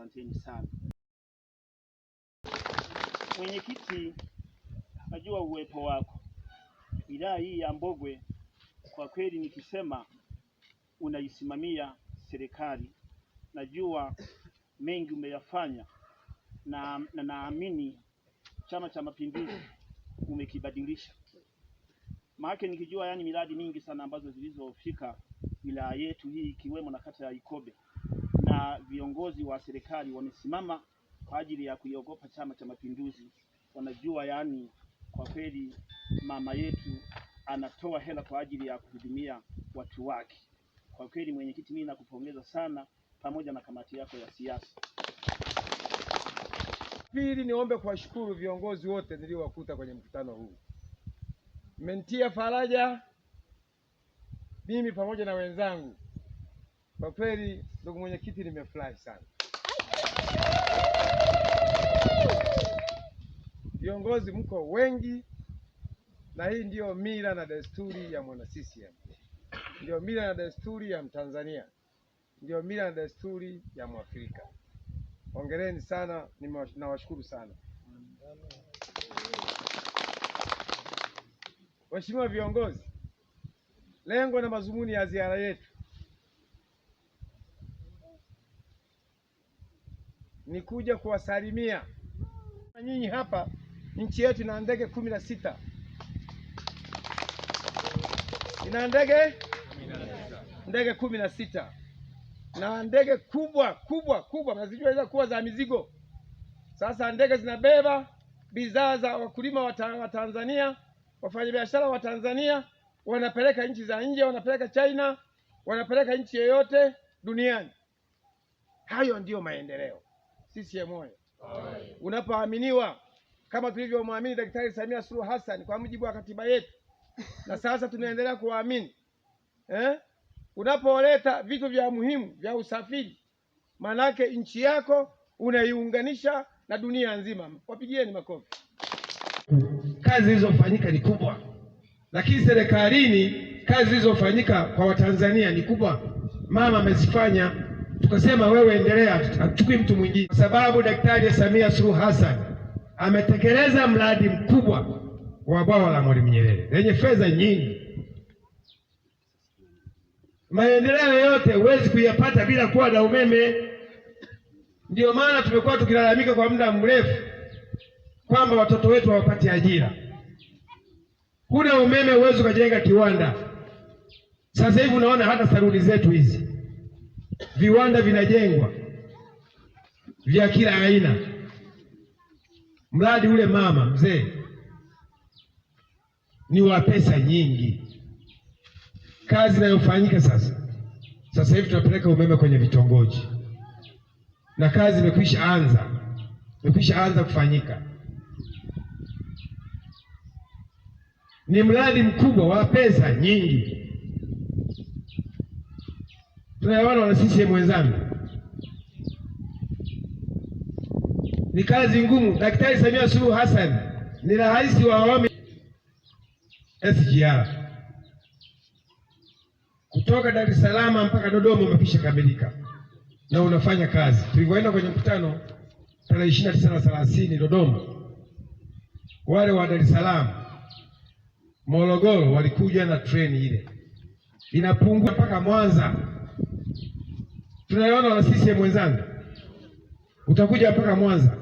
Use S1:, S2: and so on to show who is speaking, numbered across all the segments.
S1: Asanteni sana. Mwenyekiti, najua uwepo wako wilaya hii ya Mbogwe. Kwa kweli nikisema unaisimamia serikali, najua mengi umeyafanya, na naamini Chama cha Mapinduzi umekibadilisha, maana nikijua yani miradi mingi sana ambazo zilizofika wilaya yetu hii ikiwemo na kata ya Ikobe viongozi wa serikali wamesimama kwa ajili ya kuiogopa Chama cha Mapinduzi. Wanajua yaani, kwa kweli mama yetu anatoa hela kwa ajili ya kuhudumia watu wake. Kwa kweli, mwenyekiti, mimi nakupongeza sana pamoja na kamati yako ya siasa. Pili, niombe kuwashukuru viongozi wote niliowakuta kwenye mkutano huu, mmenitia faraja mimi pamoja na wenzangu. Kwa kweli ndugu mwenyekiti, nimefurahi sana. Viongozi mko wengi, na hii ndiyo mila na desturi ya mwana CCM, ndiyo mila na desturi ya Mtanzania, ndiyo mila na desturi ya Mwafrika. Hongereni sana, nawashukuru sana. Waheshimiwa viongozi, lengo na mazumuni ya ziara yetu ni kuja kuwasalimia nyinyi hapa. Nchi yetu ina ndege kumi na sita ina ndege ndege kumi na sita na ndege kubwa kubwa kubwa mnazijua kuwa za mizigo. Sasa ndege zinabeba bidhaa za wakulima wa Tanzania, wafanyabiashara wa Tanzania, wanapeleka nchi za nje, wanapeleka China, wanapeleka nchi yoyote duniani. Hayo ndiyo maendeleo. CCM oyee! Unapoaminiwa kama tulivyomwamini Daktari Samia Suluhu Hassan kwa mujibu wa katiba yetu, na sasa tunaendelea kuwaamini eh? Unapoleta vitu vya muhimu vya usafiri, manake nchi yako unaiunganisha na dunia nzima. Wapigieni makofi.
S2: Kazi zilizofanyika ni kubwa, lakini serikalini kazi zilizofanyika kwa Watanzania ni kubwa. Mama amezifanya tukasema wewe endelea, hatuchukui mtu mwingine, kwa sababu Daktari Samia Suluhu Hassan ametekeleza mradi mkubwa wa bwawa la Mwalimu Nyerere lenye fedha nyingi. Maendeleo yote huwezi kuyapata bila kuwa na umeme. Ndiyo maana tumekuwa tukilalamika kwa muda mrefu kwamba watoto wetu hawapati ajira. Kuna umeme huwezi ukajenga kiwanda. Sasa hivi unaona hata saruni zetu hizi viwanda vinajengwa vya kila aina, mradi ule mama mzee ni wa pesa nyingi. Kazi inayofanyika sasa, sasa hivi tunapeleka umeme kwenye vitongoji, na kazi imekwisha anza, imekwisha anza kufanyika. Ni mradi mkubwa wa pesa nyingi tunaelewana na CCM wenzangu, ni kazi ngumu. Daktari Samia Suluhu Hassan ni rais wa awami SGR kutoka Dar es Salaam mpaka Dodoma umekwisha kamilika na unafanya kazi. Tulivyoenda kwenye mkutano tarehe ishirini na tisa na thelathini Dodoma, wale wa Dar es Salaam, Morogoro walikuja na treni ile inapungua mpaka Mwanza tunayoona wana sisi wenzangu, utakuja mpaka Mwanza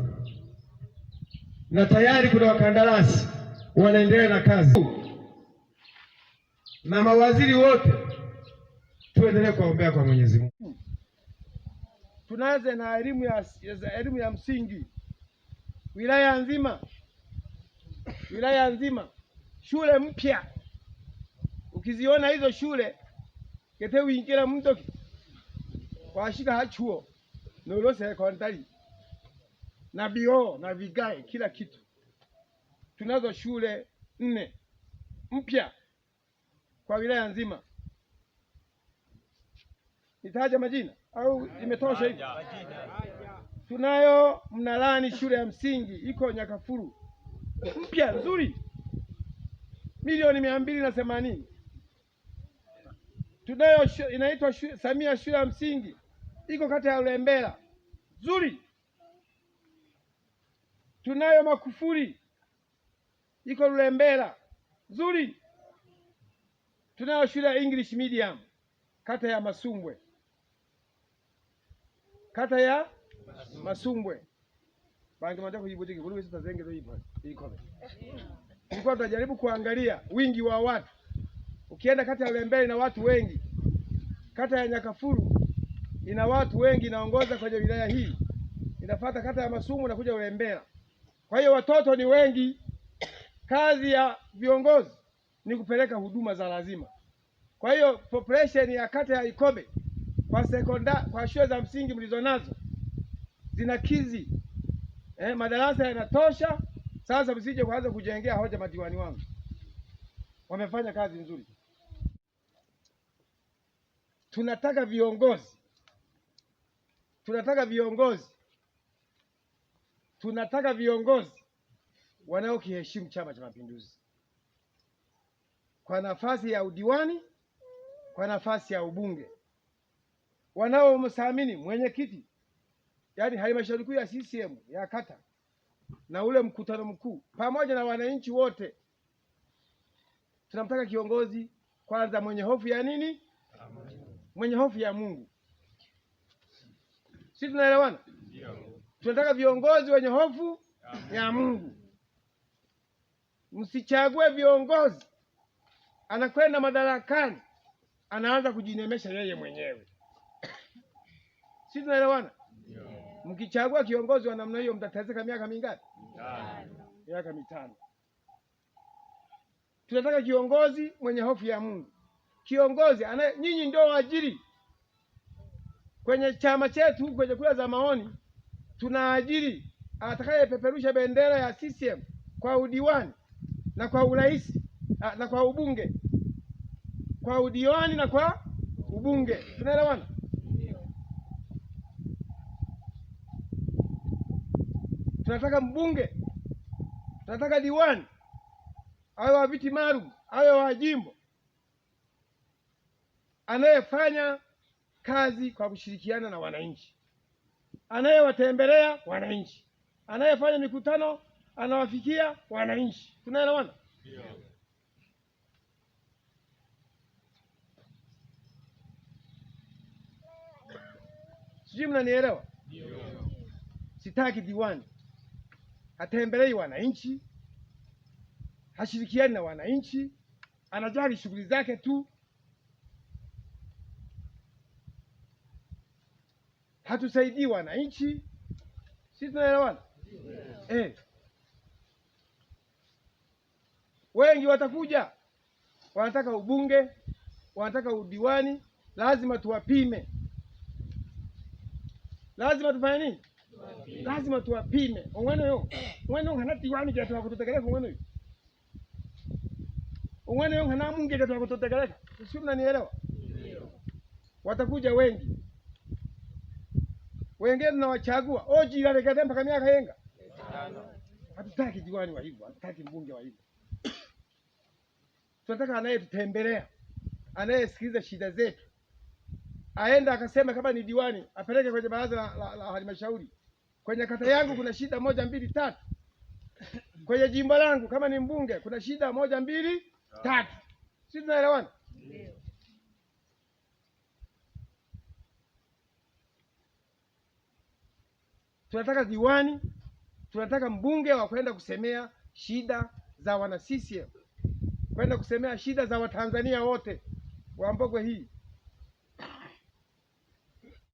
S2: na tayari kuna wakandarasi wanaendelea na kazi, na mawaziri wote tuendelee kuwaombea kwa Mwenyezi Mungu. Hmm.
S1: Tunaanze na elimu ya, elimu ya msingi wilaya nzima, wilaya nzima, shule mpya ukiziona hizo shule kete wingira mtoki washika hachuo na ulo sekondari na bio na vigae, kila kitu. Tunazo shule nne mpya kwa wilaya nzima. Nitaja majina au imetosha hivi? Tunayo Mnalani, shule ya msingi iko Nyakafuru mpya nzuri, milioni mia mbili na themanini tunayo inaitwa shu, Samia shule ya msingi iko kata ya Ulembela nzuri. Tunayo Makufuri iko Ulembela nzuri. Tunayo shule ya English medium kata ya Masumbwe kata ya Masumbwe bangimatakujibutiki kuliwisitazenge ilikuwa tunajaribu kuangalia wingi wa watu Ukienda kata ya Ulembele ina watu wengi, kata ya Nyakafuru ina watu wengi, inaongoza kwenye wilaya hii, inafuata kata ya Masumu na kuja Ulembela. Kwa hiyo watoto ni wengi. Kazi ya viongozi ni kupeleka huduma za lazima. Kwa hiyo population ya kata ya Ikobe kwa sekonda, kwa shule za msingi mlizonazo zinakidhi eh, madarasa yanatosha. Sasa msije kuanza kujengea hoja madiwani wangu, wamefanya kazi nzuri tunataka viongozi, tunataka viongozi, tunataka viongozi wanaokiheshimu Chama cha Mapinduzi kwa nafasi ya udiwani, kwa nafasi ya ubunge, wanaomthamini mwenyekiti, yaani halmashauri kuu ya CCM ya kata na ule mkutano mkuu pamoja na wananchi wote. Tunamtaka kiongozi kwanza mwenye hofu ya nini mwenye hofu ya Mungu. si tunaelewana? Tunataka viongozi wenye hofu ya Mungu. Msichague viongozi anakwenda madarakani anaanza kujinemesha yeye mwenyewe. si tunaelewana? Mkichagua kiongozi wa namna hiyo mtateseka miaka mingapi? Miaka mitano. Tunataka kiongozi mwenye hofu ya Mungu kiongozi ana, nyinyi ndio waajiri kwenye chama chetu, kwenye kura za maoni tunaajiri atakayepeperusha bendera ya CCM kwa udiwani na kwa urais na kwa ubunge, kwa udiwani na kwa ubunge. Tunaelewana? Tunataka mbunge, tunataka diwani awe wa viti maalum, awe wa jimbo anayefanya kazi kwa kushirikiana na wananchi, anayewatembelea wananchi, anayefanya mikutano anawafikia wananchi. Tunaelewana? Sijui mnanielewa? Sitaki diwani hatembelei wananchi, hashirikiani na wananchi, anajali shughuli zake tu. hatusaidii wananchi. si tunaelewana yeah. Eh, wengi watakuja wanataka ubunge, wanataka udiwani, lazima tuwapime, lazima tufanye nini? lazima tuwapime ongweno yo ongweno hana diwani ja tuwa kutotekeleka ongweno yo ongweno yo hana mungi ja tuwa sio mnanielewa watakuja wengi wengine nawachagua oji oh, mpaka miaka yenga. Hatutaki diwani wa hivyo, hatutaki mbunge wa hivyo. Tunataka anayetutembelea, anayesikiliza shida zetu, aenda akasema, kama ni diwani apeleke kwenye baraza la, la, la halmashauri, kwenye kata yangu kuna shida moja mbili tatu, kwenye jimbo langu kama ni mbunge kuna shida moja mbili tatu. si tunaelewana? Ndio. tunataka diwani, tunataka mbunge wa kwenda kusemea shida za wana CCM, kwenda kusemea shida za Watanzania wote wa Mbogwe hii.